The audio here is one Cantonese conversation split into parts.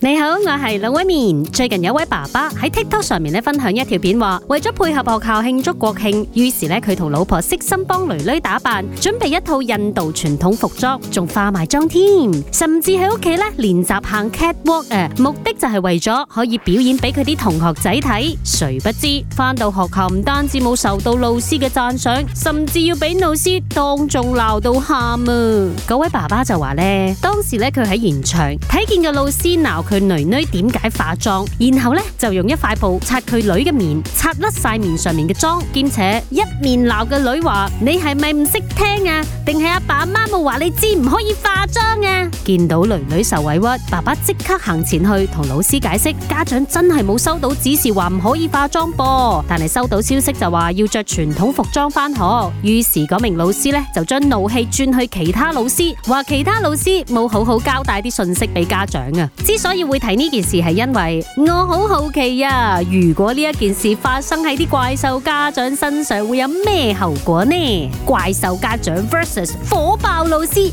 你好，我係龍紋敏。最近有位爸爸喺 TikTok 上面咧分享一條片，話為咗配合學校慶祝國慶，於是咧佢同老婆悉心幫囡囡打扮，準備一套印度傳統服裝，仲化埋妝添，甚至喺屋企咧練習行 cat walk，啊，目的就係為咗可以表演俾佢啲同學仔睇。誰不知翻到學校唔單止冇受到老師嘅讚賞，甚至要俾老師當眾鬧到喊啊！嗰位爸爸就話咧，當時咧佢喺現場睇見個老師鬧。佢囡囡點解化妝？然後呢就用一塊布擦佢女嘅面，擦甩晒面上面嘅妝，兼且一面鬧嘅女話：你係咪唔識聽啊？定係阿爸阿媽冇話你知唔可以化妝啊？見到囡囡受委屈，爸爸即刻行前去同老師解釋，家長真係冇收到指示話唔可以化妝噃。但係收到消息就話要着傳統服裝翻學。於是嗰名老師呢就將怒氣轉去其他老師，話其他老師冇好好交代啲信息俾家長啊。之所以。會提呢件事係因為我好好奇呀、啊。如果呢一件事發生喺啲怪獸家長身上，會有咩後果呢？怪獸家長 versus 火爆老師，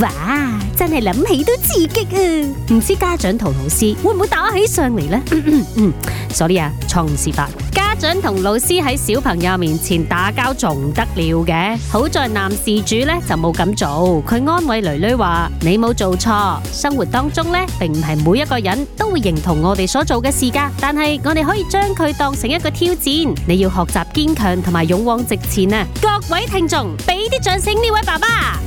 哇！真係諗起都刺激啊！唔知家長同老師會唔會打起上嚟呢？嗯嗯嗯 sorry 啊，錯誤示範。想同老師喺小朋友面前打交，仲得了嘅？好在男事主咧就冇咁做，佢安慰囡囡話：你冇做錯，生活當中咧，並唔係每一個人都會認同我哋所做嘅事噶，但係我哋可以將佢當成一個挑戰，你要學習堅強同埋勇往直前啊！各位聽眾，俾啲掌聲呢位爸爸。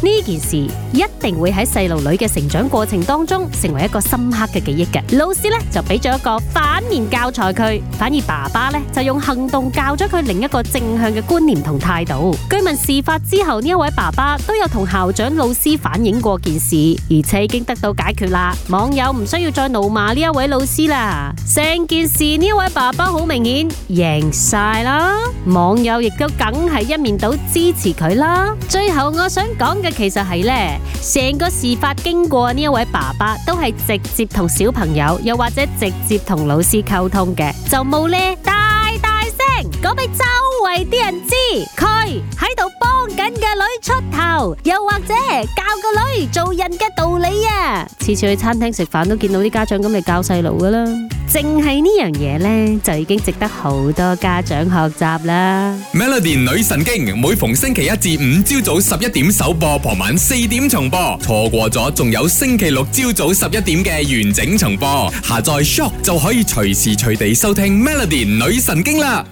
呢件事一定會喺細路女嘅成長過程當中成為一個深刻嘅記憶嘅。老師呢，就俾咗一個反面教材佢反而爸爸呢，就用行動教咗佢另一個正向嘅觀念同態度。據聞事發之後呢，一位爸爸都有同校長老師反映過件事，而且已經得到解決啦。網友唔需要再怒罵呢一位老師啦。成件事呢，一位爸爸好明顯贏晒啦，網友亦都梗係一面倒支持佢啦。最後我想講嘅。其實係咧，成個事發經過呢一位爸爸都係直接同小朋友，又或者直接同老師溝通嘅，就冇咧大大聲講俾周圍啲人知，佢喺度幫緊嘅女出。又或者教個女做人嘅道理啊！次次去餐廳食飯都見到啲家長咁嚟教細路噶啦，淨係呢樣嘢呢，就已經值得好多家長學習啦。Melody 女神經每逢星期一至五朝早十一點首播，傍晚四點重播，錯過咗仲有星期六朝早十一點嘅完整重播。下載 Shop 就可以隨時隨地收聽 Melody 女神經啦。